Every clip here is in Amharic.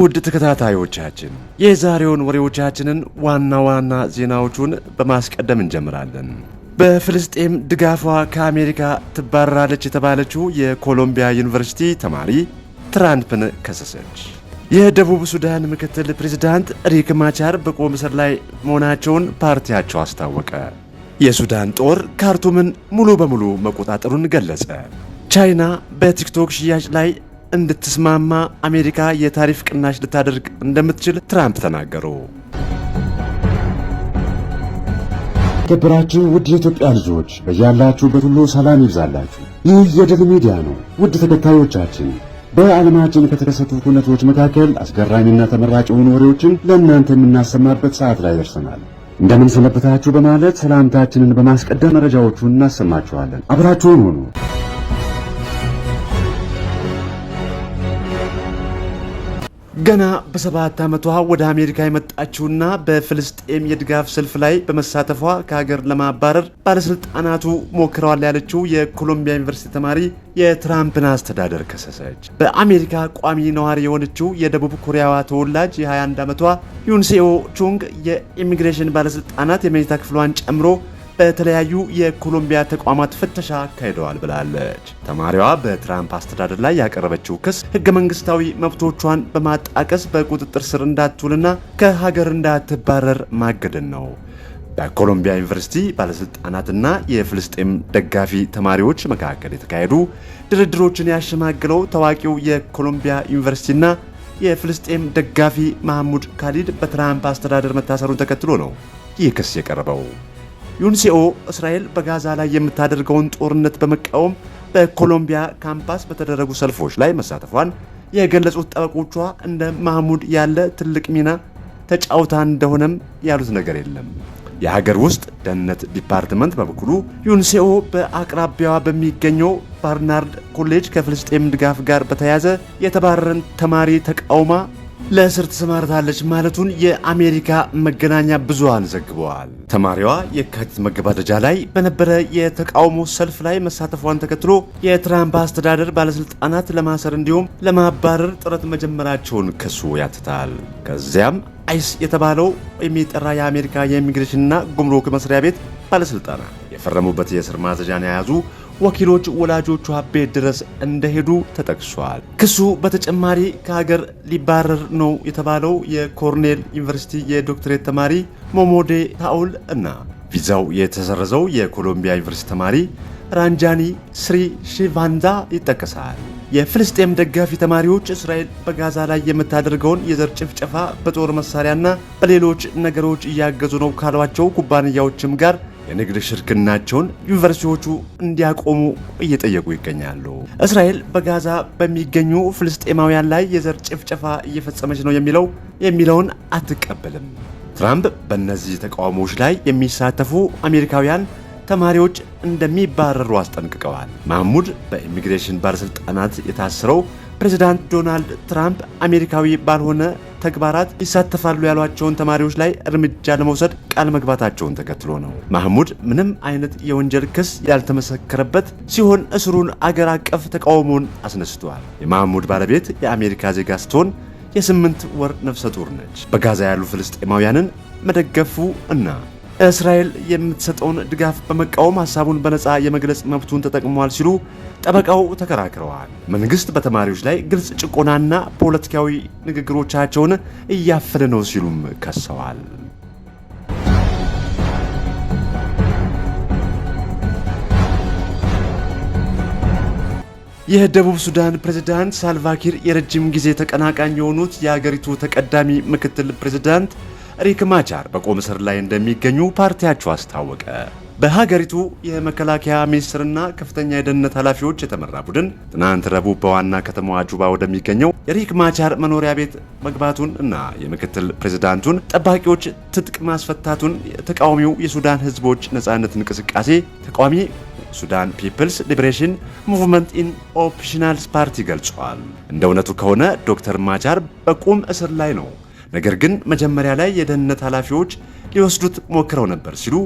ውድ ተከታታዮቻችን የዛሬውን ወሬዎቻችንን ዋና ዋና ዜናዎቹን በማስቀደም እንጀምራለን። በፍልስጤም ድጋፏ ከአሜሪካ ትባረራለች የተባለችው የኮሎምቢያ ዩኒቨርሲቲ ተማሪ ትራምፕን ከሰሰች። የደቡብ ሱዳን ምክትል ፕሬዝዳንት ሪክ ማቻር በቁም እስር ላይ መሆናቸውን ፓርቲያቸው አስታወቀ። የሱዳን ጦር ካርቱምን ሙሉ በሙሉ መቆጣጠሩን ገለጸ። ቻይና በቲክቶክ ሽያጭ ላይ እንድትስማማ አሜሪካ የታሪፍ ቅናሽ ልታደርግ እንደምትችል ትራምፕ ተናገሩ። ከበራችሁ ውድ የኢትዮጵያ ልጆች በያላችሁበት ሁሉ ሰላም ይብዛላችሁ። ይህ የድል ሚዲያ ነው። ውድ ተከታዮቻችን በዓለማችን ከተከሰቱ ሁነቶች መካከል አስገራሚና ተመራጭ የሆኑ ወሬዎችን ለእናንተ የምናሰማበት ሰዓት ላይ ደርሰናል። እንደምን ሰነበታችሁ በማለት ሰላምታችንን በማስቀደም መረጃዎቹን እናሰማችኋለን። አብራችሁን ሁኑ። ገና በሰባት ዓመቷ ወደ አሜሪካ የመጣችውና በፍልስጤም የድጋፍ ሰልፍ ላይ በመሳተፏ ከሀገር ለማባረር ባለስልጣናቱ ሞክረዋል ያለችው የኮሎምቢያ ዩኒቨርሲቲ ተማሪ የትራምፕን አስተዳደር ከሰሰች። በአሜሪካ ቋሚ ነዋሪ የሆነችው የደቡብ ኮሪያዋ ተወላጅ የ21 ዓመቷ ዩንሴኦ ቹንግ የኢሚግሬሽን ባለስልጣናት የመኝታ ክፍሏን ጨምሮ በተለያዩ የኮሎምቢያ ተቋማት ፍተሻ አካሂደዋል ብላለች። ተማሪዋ በትራምፕ አስተዳደር ላይ ያቀረበችው ክስ ህገ መንግስታዊ መብቶቿን በማጣቀስ በቁጥጥር ስር እንዳትውልና ከሀገር እንዳትባረር ማገድን ነው። በኮሎምቢያ ዩኒቨርሲቲ ባለሥልጣናትና የፍልስጤም ደጋፊ ተማሪዎች መካከል የተካሄዱ ድርድሮችን ያሸማግለው ታዋቂው የኮሎምቢያ ዩኒቨርሲቲና የፍልስጤም ደጋፊ ማህሙድ ካሊድ በትራምፕ አስተዳደር መታሰሩን ተከትሎ ነው ይህ ክስ የቀረበው። ዩንሲኦ እስራኤል በጋዛ ላይ የምታደርገውን ጦርነት በመቃወም በኮሎምቢያ ካምፓስ በተደረጉ ሰልፎች ላይ መሳተፏን የገለጹት ጠበቆቿ እንደ ማህሙድ ያለ ትልቅ ሚና ተጫውታ እንደሆነም ያሉት ነገር የለም። የሀገር ውስጥ ደህንነት ዲፓርትመንት በበኩሉ ዩንሴኦ በአቅራቢያዋ በሚገኘው ባርናርድ ኮሌጅ ከፍልስጤም ድጋፍ ጋር በተያያዘ የተባረረን ተማሪ ተቃውማ ለእስር ተሰማርታለች ማለቱን የአሜሪካ መገናኛ ብዙሃን ዘግበዋል። ተማሪዋ የካቲት መገባደጃ ላይ በነበረ የተቃውሞ ሰልፍ ላይ መሳተፏን ተከትሎ የትራምፕ አስተዳደር ባለስልጣናት ለማሰር እንዲሁም ለማባረር ጥረት መጀመራቸውን ክሱ ያትታል። ከዚያም አይስ የተባለው የሚጠራ የአሜሪካ የኢሚግሬሽንና ጉምሩክ መስሪያ ቤት ባለስልጣናት የፈረሙበት የእስር ማዘዣን የያዙ ወኪሎች ወላጆቿ ቤት ድረስ እንደሄዱ ተጠቅሷል። ክሱ በተጨማሪ ከሀገር ሊባረር ነው የተባለው የኮርኔል ዩኒቨርሲቲ የዶክትሬት ተማሪ ሞሞዴ ታኡል እና ቪዛው የተሰረዘው የኮሎምቢያ ዩኒቨርሲቲ ተማሪ ራንጃኒ ስሪ ሺቫንዛ ይጠቀሳል። የፍልስጤም ደጋፊ ተማሪዎች እስራኤል በጋዛ ላይ የምታደርገውን የዘር ጭፍጨፋ በጦር መሳሪያና በሌሎች ነገሮች እያገዙ ነው ካሏቸው ኩባንያዎችም ጋር የንግድ ሽርክናቸውን ዩኒቨርሲቲዎቹ እንዲያቆሙ እየጠየቁ ይገኛሉ። እስራኤል በጋዛ በሚገኙ ፍልስጤማውያን ላይ የዘር ጭፍጨፋ እየፈጸመች ነው የሚለው የሚለውን አትቀበልም። ትራምፕ በእነዚህ ተቃውሞዎች ላይ የሚሳተፉ አሜሪካውያን ተማሪዎች እንደሚባረሩ አስጠንቅቀዋል። ማህሙድ በኢሚግሬሽን ባለሥልጣናት የታስረው ፕሬዚዳንት ዶናልድ ትራምፕ አሜሪካዊ ባልሆነ ተግባራት ይሳተፋሉ ያሏቸውን ተማሪዎች ላይ እርምጃ ለመውሰድ ቃል መግባታቸውን ተከትሎ ነው። ማህሙድ ምንም አይነት የወንጀል ክስ ያልተመሰከረበት ሲሆን እስሩን አገር አቀፍ ተቃውሞን አስነስቷል። የማህሙድ ባለቤት የአሜሪካ ዜጋ ስትሆን የስምንት ወር ነፍሰ ጡር ነች። በጋዛ ያሉ ፍልስጤማውያንን መደገፉ እና እስራኤል የምትሰጠውን ድጋፍ በመቃወም ሀሳቡን በነፃ የመግለጽ መብቱን ተጠቅሟል ሲሉ ጠበቃው ተከራክረዋል። መንግስት በተማሪዎች ላይ ግልጽ ጭቆናና ፖለቲካዊ ንግግሮቻቸውን እያፈነ ነው ሲሉም ከሰዋል። የደቡብ ሱዳን ፕሬዝዳንት ሳልቫኪር የረጅም ጊዜ ተቀናቃኝ የሆኑት የአገሪቱ ተቀዳሚ ምክትል ፕሬዝዳንት ሪክ ማቻር በቁም እስር ላይ እንደሚገኙ ፓርቲያቸው አስታወቀ። በሀገሪቱ የመከላከያ ሚኒስትርና ከፍተኛ የደህንነት ኃላፊዎች የተመራ ቡድን ትናንት ረቡዕ በዋና ከተማዋ ጁባ ወደሚገኘው የሪክ ማቻር መኖሪያ ቤት መግባቱን እና የምክትል ፕሬዝዳንቱን ጠባቂዎች ትጥቅ ማስፈታቱን የተቃዋሚው የሱዳን ሕዝቦች ነጻነት እንቅስቃሴ ተቃዋሚ ሱዳን ፒፕልስ ሊበሬሽን ሙቭመንት ኢን ኦፕሽናልስ ፓርቲ ገልጿል። እንደ እውነቱ ከሆነ ዶክተር ማቻር በቁም እስር ላይ ነው። ነገር ግን መጀመሪያ ላይ የደህንነት ኃላፊዎች ሊወስዱት ሞክረው ነበር ሲሉ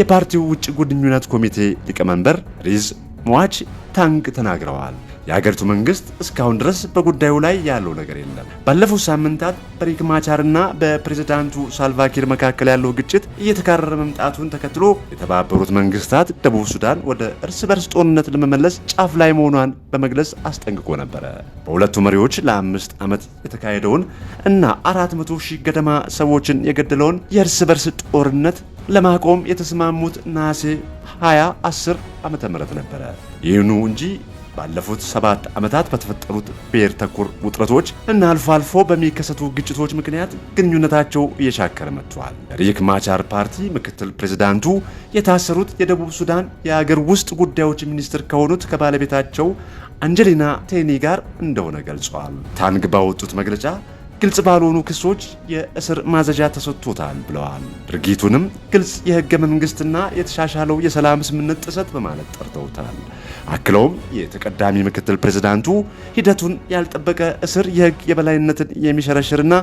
የፓርቲው ውጭ ግንኙነት ኮሚቴ ሊቀመንበር ሪዝ ሟች ታንክ ተናግረዋል። የሀገሪቱ መንግስት እስካሁን ድረስ በጉዳዩ ላይ ያለው ነገር የለም። ባለፉት ሳምንታት በሪክ ማቻርና በፕሬዝዳንቱ ሳልቫኪር መካከል ያለው ግጭት እየተካረረ መምጣቱን ተከትሎ የተባበሩት መንግስታት ደቡብ ሱዳን ወደ እርስ በርስ ጦርነት ለመመለስ ጫፍ ላይ መሆኗን በመግለጽ አስጠንቅቆ ነበረ። በሁለቱ መሪዎች ለአምስት ዓመት የተካሄደውን እና አራት መቶ ሺህ ገደማ ሰዎችን የገደለውን የእርስ በርስ ጦርነት ለማቆም የተስማሙት ነሐሴ 20 10 ዓመተ ምህረት ነበረ። ይህኑ እንጂ ባለፉት ሰባት ዓመታት በተፈጠሩት ብሔር ተኮር ውጥረቶች እና አልፎ አልፎ በሚከሰቱ ግጭቶች ምክንያት ግንኙነታቸው እየሻከረ መጥቷል። ሪክ ማቻር ፓርቲ ምክትል ፕሬዚዳንቱ የታሰሩት የደቡብ ሱዳን የአገር ውስጥ ጉዳዮች ሚኒስትር ከሆኑት ከባለቤታቸው አንጀሊና ቴኒ ጋር እንደሆነ ገልጿል። ታንግ ባወጡት መግለጫ ግልጽ ባልሆኑ ክሶች የእስር ማዘዣ ተሰጥቶታል ብለዋል። ድርጊቱንም ግልጽ የህገ መንግስትና የተሻሻለው የሰላም ስምምነት ጥሰት በማለት ጠርተውታል። አክለውም የተቀዳሚ ምክትል ፕሬዝዳንቱ ሂደቱን ያልጠበቀ እስር የህግ የበላይነትን የሚሸረሽርና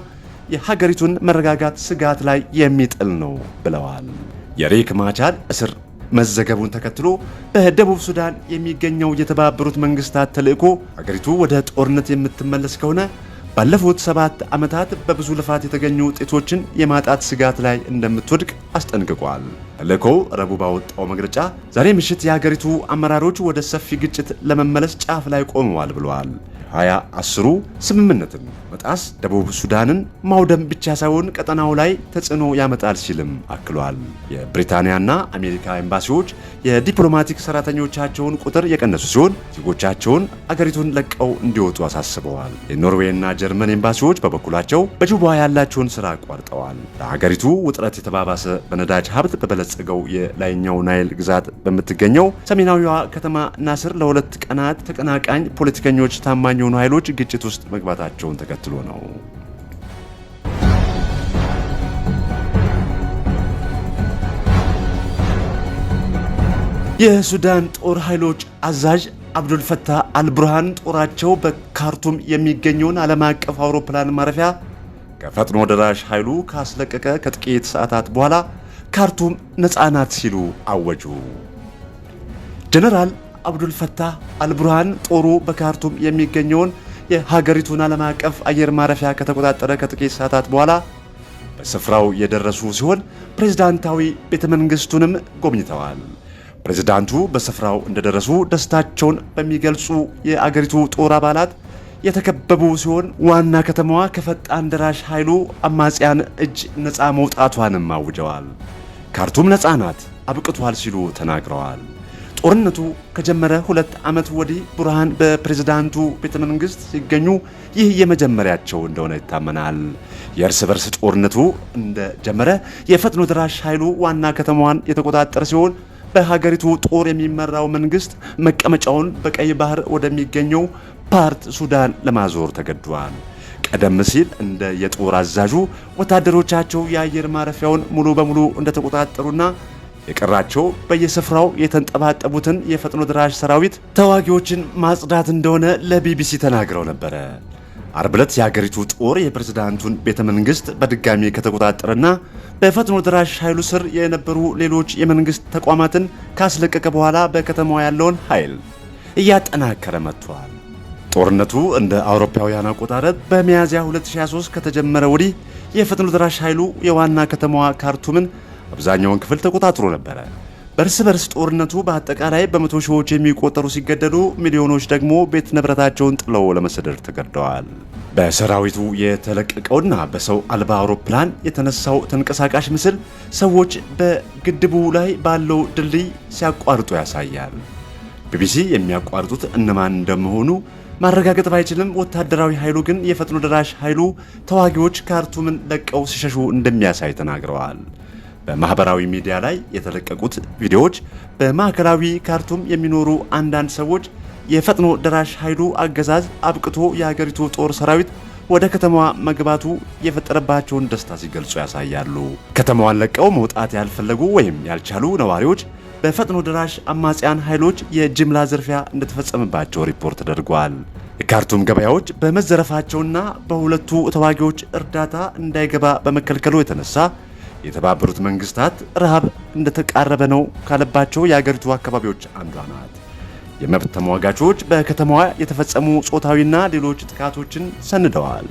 የሀገሪቱን መረጋጋት ስጋት ላይ የሚጥል ነው ብለዋል። የሬክ ማቻር እስር መዘገቡን ተከትሎ በደቡብ ሱዳን የሚገኘው የተባበሩት መንግስታት ተልዕኮ ሀገሪቱ ወደ ጦርነት የምትመለስ ከሆነ ባለፉት ሰባት ዓመታት በብዙ ልፋት የተገኙ ውጤቶችን የማጣት ስጋት ላይ እንደምትወድቅ አስጠንቅቋል። ተልዕኮው ረቡዕ ባወጣው መግለጫ ዛሬ ምሽት የሀገሪቱ አመራሮች ወደ ሰፊ ግጭት ለመመለስ ጫፍ ላይ ቆመዋል ብለዋል። ሀያ አስሩ ስምምነትን መጣስ ደቡብ ሱዳንን ማውደም ብቻ ሳይሆን ቀጠናው ላይ ተጽዕኖ ያመጣል ሲልም አክሏል። የብሪታንያና አሜሪካ ኤምባሲዎች የዲፕሎማቲክ ሰራተኞቻቸውን ቁጥር የቀነሱ ሲሆን ዜጎቻቸውን አገሪቱን ለቀው እንዲወጡ አሳስበዋል። የኖርዌይና ጀርመን ኤምባሲዎች በበኩላቸው በጁባ ያላቸውን ስራ አቋርጠዋል። ለሀገሪቱ ውጥረት የተባባሰ በነዳጅ ሀብት በበለ በበለጸገው የላይኛው ናይል ግዛት በምትገኘው ሰሜናዊዋ ከተማ ናስር ለሁለት ቀናት ተቀናቃኝ ፖለቲከኞች ታማኝ የሆኑ ኃይሎች ግጭት ውስጥ መግባታቸውን ተከትሎ ነው። የሱዳን ጦር ኃይሎች አዛዥ አብዱልፈታህ አልቡርሃን ጦራቸው በካርቱም የሚገኘውን ዓለም አቀፍ አውሮፕላን ማረፊያ ከፈጥኖ ደራሽ ኃይሉ ካስለቀቀ ከጥቂት ሰዓታት በኋላ ካርቱም ነፃ ናት ሲሉ አወጁ። ጀነራል አብዱልፈታህ አልቡርሃን ጦሩ በካርቱም የሚገኘውን የሀገሪቱን ዓለም አቀፍ አየር ማረፊያ ከተቆጣጠረ ከጥቂት ሰዓታት በኋላ በስፍራው የደረሱ ሲሆን ፕሬዝዳንታዊ ቤተ መንግሥቱንም ጎብኝተዋል። ፕሬዝዳንቱ በስፍራው እንደደረሱ ደስታቸውን በሚገልጹ የአገሪቱ ጦር አባላት የተከበቡ ሲሆን ዋና ከተማዋ ከፈጣን ደራሽ ኃይሉ አማጽያን እጅ ነፃ መውጣቷንም አውጀዋል። ካርቱም ነፃ አብቅቷል ሲሉ ተናግረዋል። ጦርነቱ ከጀመረ ሁለት ዓመት ወዲህ ቡርሃን በፕሬዝዳንቱ ቤተ መንግሥት ሲገኙ ይህ የመጀመሪያቸው እንደሆነ ይታመናል። የእርስ በርስ ጦርነቱ እንደጀመረ የፈጥኖ ደራሽ ኃይሉ ዋና ከተማዋን የተቆጣጠረ ሲሆን በሀገሪቱ ጦር የሚመራው መንግስት መቀመጫውን በቀይ ባህር ወደሚገኘው ፓርት ሱዳን ለማዞር ተገዷል። ቀደም ሲል እንደ የጦር አዛዡ ወታደሮቻቸው የአየር ማረፊያውን ሙሉ በሙሉ እንደተቆጣጠሩና የቀራቸው በየስፍራው የተንጠባጠቡትን የፈጥኖ ድራሽ ሰራዊት ተዋጊዎችን ማጽዳት እንደሆነ ለቢቢሲ ተናግረው ነበረ። አርብ ዕለት የአገሪቱ ጦር የፕሬዝዳንቱን ቤተ መንግስት በድጋሚ ከተቆጣጠረና በፈጥኖ ድራሽ ኃይሉ ስር የነበሩ ሌሎች የመንግስት ተቋማትን ካስለቀቀ በኋላ በከተማዋ ያለውን ኃይል እያጠናከረ መጥቷል። ጦርነቱ እንደ አውሮፓውያን አቆጣጠር በሚያዝያ 2023 ከተጀመረ ወዲህ የፈጥኖ ደራሽ ኃይሉ የዋና ከተማዋ ካርቱምን አብዛኛውን ክፍል ተቆጣጥሮ ነበረ። በእርስ በርስ ጦርነቱ በአጠቃላይ በመቶ ሺዎች የሚቆጠሩ ሲገደሉ፣ ሚሊዮኖች ደግሞ ቤት ንብረታቸውን ጥለው ለመሰደድ ተገደዋል። በሰራዊቱ የተለቀቀውና በሰው አልባ አውሮፕላን የተነሳው ተንቀሳቃሽ ምስል ሰዎች በግድቡ ላይ ባለው ድልድይ ሲያቋርጡ ያሳያል። ቢቢሲ የሚያቋርጡት እነማን እንደመሆኑ ማረጋገጥ ባይችልም ወታደራዊ ኃይሉ ግን የፈጥኖ ደራሽ ኃይሉ ተዋጊዎች ካርቱምን ለቀው ሲሸሹ እንደሚያሳይ ተናግረዋል። በማህበራዊ ሚዲያ ላይ የተለቀቁት ቪዲዮዎች በማዕከላዊ ካርቱም የሚኖሩ አንዳንድ ሰዎች የፈጥኖ ደራሽ ኃይሉ አገዛዝ አብቅቶ የሀገሪቱ ጦር ሰራዊት ወደ ከተማዋ መግባቱ የፈጠረባቸውን ደስታ ሲገልጹ ያሳያሉ። ከተማዋን ለቀው መውጣት ያልፈለጉ ወይም ያልቻሉ ነዋሪዎች በፈጥኖ ደራሽ አማጽያን ኃይሎች የጅምላ ዝርፊያ እንደተፈጸመባቸው ሪፖርት ተደርጓል። የካርቱም ገበያዎች በመዘረፋቸውና በሁለቱ ተዋጊዎች እርዳታ እንዳይገባ በመከልከሉ የተነሳ የተባበሩት መንግስታት ረሃብ እንደተቃረበ ነው ካለባቸው የአገሪቱ አካባቢዎች አንዷ ናት። የመብት ተሟጋቾች በከተማዋ የተፈጸሙ ጾታዊና ሌሎች ጥቃቶችን ሰንደዋል።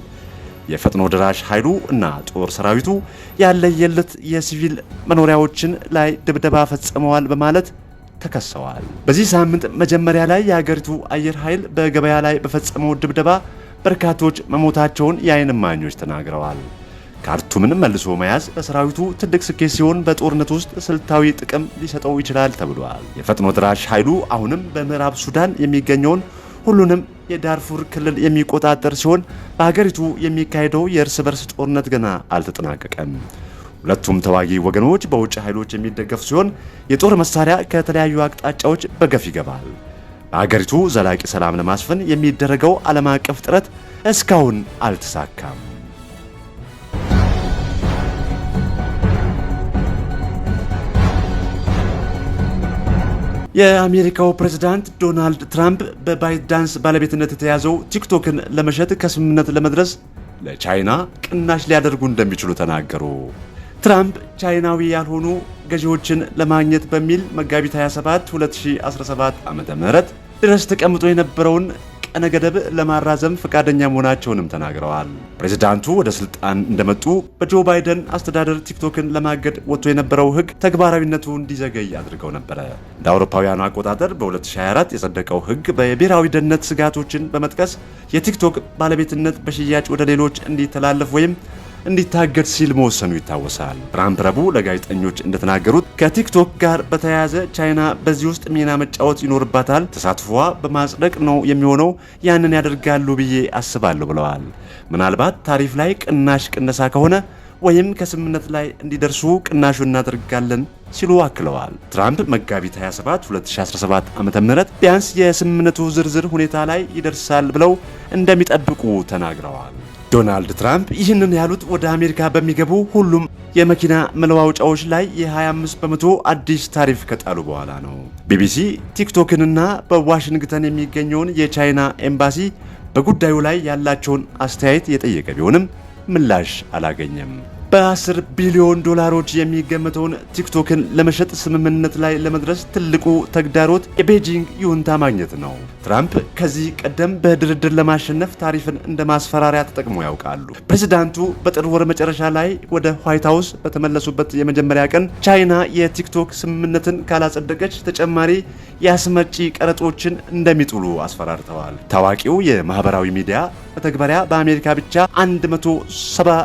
የፈጥኖ ድራሽ ኃይሉ እና ጦር ሰራዊቱ ያለየለት የሲቪል መኖሪያዎችን ላይ ድብደባ ፈጽመዋል በማለት ተከሰዋል። በዚህ ሳምንት መጀመሪያ ላይ የሀገሪቱ አየር ኃይል በገበያ ላይ በፈጸመው ድብደባ በርካቶች መሞታቸውን የአይን እማኞች ተናግረዋል። ካርቱምን መልሶ መያዝ ለሰራዊቱ ትልቅ ስኬት ሲሆን በጦርነት ውስጥ ስልታዊ ጥቅም ሊሰጠው ይችላል ተብሏል። የፈጥኖ ድራሽ ኃይሉ አሁንም በምዕራብ ሱዳን የሚገኘውን ሁሉንም የዳርፉር ክልል የሚቆጣጠር ሲሆን በሀገሪቱ የሚካሄደው የእርስ በርስ ጦርነት ገና አልተጠናቀቀም። ሁለቱም ተዋጊ ወገኖች በውጭ ኃይሎች የሚደገፉ ሲሆን የጦር መሳሪያ ከተለያዩ አቅጣጫዎች በገፍ ይገባል። በሀገሪቱ ዘላቂ ሰላም ለማስፈን የሚደረገው ዓለም አቀፍ ጥረት እስካሁን አልተሳካም። የአሜሪካው ፕሬዝዳንት ዶናልድ ትራምፕ በባይዳንስ ባለቤትነት የተያዘው ቲክቶክን ለመሸጥ ከስምምነት ለመድረስ ለቻይና ቅናሽ ሊያደርጉ እንደሚችሉ ተናገሩ። ትራምፕ ቻይናዊ ያልሆኑ ገዢዎችን ለማግኘት በሚል መጋቢት 27 2017 ዓ ም ድረስ ተቀምጦ የነበረውን ቀነ ገደብ ለማራዘም ፈቃደኛ መሆናቸውንም ተናግረዋል። ፕሬዚዳንቱ ወደ ስልጣን እንደመጡ በጆ ባይደን አስተዳደር ቲክቶክን ለማገድ ወጥቶ የነበረው ሕግ ተግባራዊነቱ እንዲዘገይ አድርገው ነበረ። እንደ አውሮፓውያኑ አቆጣጠር በ2024 የጸደቀው ሕግ የብሔራዊ ደህንነት ስጋቶችን በመጥቀስ የቲክቶክ ባለቤትነት በሽያጭ ወደ ሌሎች እንዲተላለፍ ወይም እንዲታገድ ሲል መወሰኑ ይታወሳል። ትራምፕ ረቡዕ ለጋዜጠኞች እንደተናገሩት ከቲክቶክ ጋር በተያያዘ ቻይና በዚህ ውስጥ ሚና መጫወት ይኖርባታል። ተሳትፏ በማጽደቅ ነው የሚሆነው። ያንን ያደርጋሉ ብዬ አስባለሁ ብለዋል። ምናልባት ታሪፍ ላይ ቅናሽ ቅነሳ ከሆነ ወይም ከስምምነት ላይ እንዲደርሱ ቅናሹ እናደርጋለን ሲሉ አክለዋል። ትራምፕ መጋቢት 27 2017 ዓ ም ቢያንስ የስምምነቱ ዝርዝር ሁኔታ ላይ ይደርሳል ብለው እንደሚጠብቁ ተናግረዋል። ዶናልድ ትራምፕ ይህንን ያሉት ወደ አሜሪካ በሚገቡ ሁሉም የመኪና መለዋወጫዎች ላይ የ25 በመቶ አዲስ ታሪፍ ከጣሉ በኋላ ነው። ቢቢሲ ቲክቶክንና በዋሽንግተን የሚገኘውን የቻይና ኤምባሲ በጉዳዩ ላይ ያላቸውን አስተያየት የጠየቀ ቢሆንም ምላሽ አላገኘም። በ10 ቢሊዮን ዶላሮች የሚገመተውን ቲክቶክን ለመሸጥ ስምምነት ላይ ለመድረስ ትልቁ ተግዳሮት የቤጂንግ ይሁንታ ማግኘት ነው። ትራምፕ ከዚህ ቀደም በድርድር ለማሸነፍ ታሪፍን እንደ ማስፈራሪያ ተጠቅሞ ያውቃሉ። ፕሬዚዳንቱ በጥር ወር መጨረሻ ላይ ወደ ዋይት ሀውስ በተመለሱበት የመጀመሪያ ቀን ቻይና የቲክቶክ ስምምነትን ካላጸደቀች ተጨማሪ የአስመጪ ቀረጦችን እንደሚጥሉ አስፈራርተዋል። ታዋቂው የማህበራዊ ሚዲያ መተግበሪያ በአሜሪካ ብቻ 170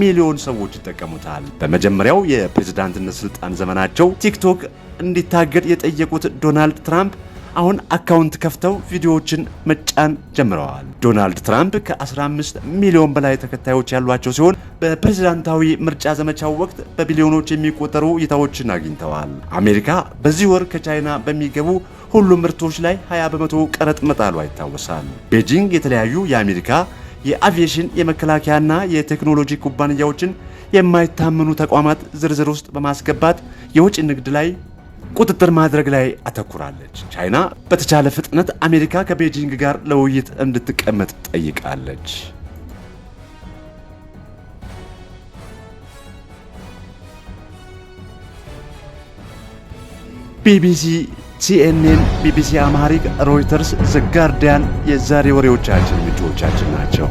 ሚሊዮን ሰዎች ይጠቀሙታል። በመጀመሪያው የፕሬዝዳንትነት ስልጣን ዘመናቸው ቲክቶክ እንዲታገድ የጠየቁት ዶናልድ ትራምፕ አሁን አካውንት ከፍተው ቪዲዮዎችን መጫን ጀምረዋል። ዶናልድ ትራምፕ ከ15 ሚሊዮን በላይ ተከታዮች ያሏቸው ሲሆን በፕሬዝዳንታዊ ምርጫ ዘመቻው ወቅት በቢሊዮኖች የሚቆጠሩ እይታዎችን አግኝተዋል። አሜሪካ በዚህ ወር ከቻይና በሚገቡ ሁሉም ምርቶች ላይ 20 በመቶ ቀረጥ መጣሏ ይታወሳል። ቤጂንግ የተለያዩ የአሜሪካ የአቪዬሽን የመከላከያና የቴክኖሎጂ ኩባንያዎችን የማይታመኑ ተቋማት ዝርዝር ውስጥ በማስገባት የውጭ ንግድ ላይ ቁጥጥር ማድረግ ላይ አተኩራለች። ቻይና በተቻለ ፍጥነት አሜሪካ ከቤጂንግ ጋር ለውይይት እንድትቀመጥ ጠይቃለች። ቢቢሲ ሲኤንኤን፣ ቢቢሲ አማሪክ፣ ሮይተርስ፣ ዘጋርዲያን የዛሬ ወሬዎቻችን ምንጮቻችን ናቸው።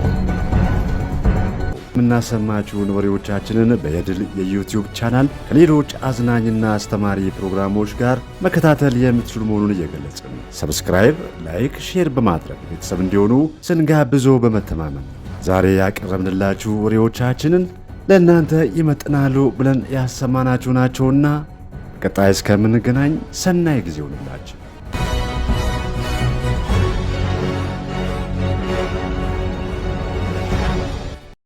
የምናሰማችውን ወሬዎቻችንን በየድል የዩቲዩብ ቻናል ከሌሎች አዝናኝና አስተማሪ ፕሮግራሞች ጋር መከታተል የምትችሉ መሆኑን እየገለጽን ሰብስክራይብ፣ ላይክ፣ ሼር በማድረግ ቤተሰብ እንዲሆኑ ስንጋብዞ በመተማመን ዛሬ ያቀረብንላችሁ ወሬዎቻችንን ለእናንተ ይመጥናሉ ብለን ያሰማናችሁ ናቸውና ቀጣይ እስከምንገናኝ ሰናይ ጊዜ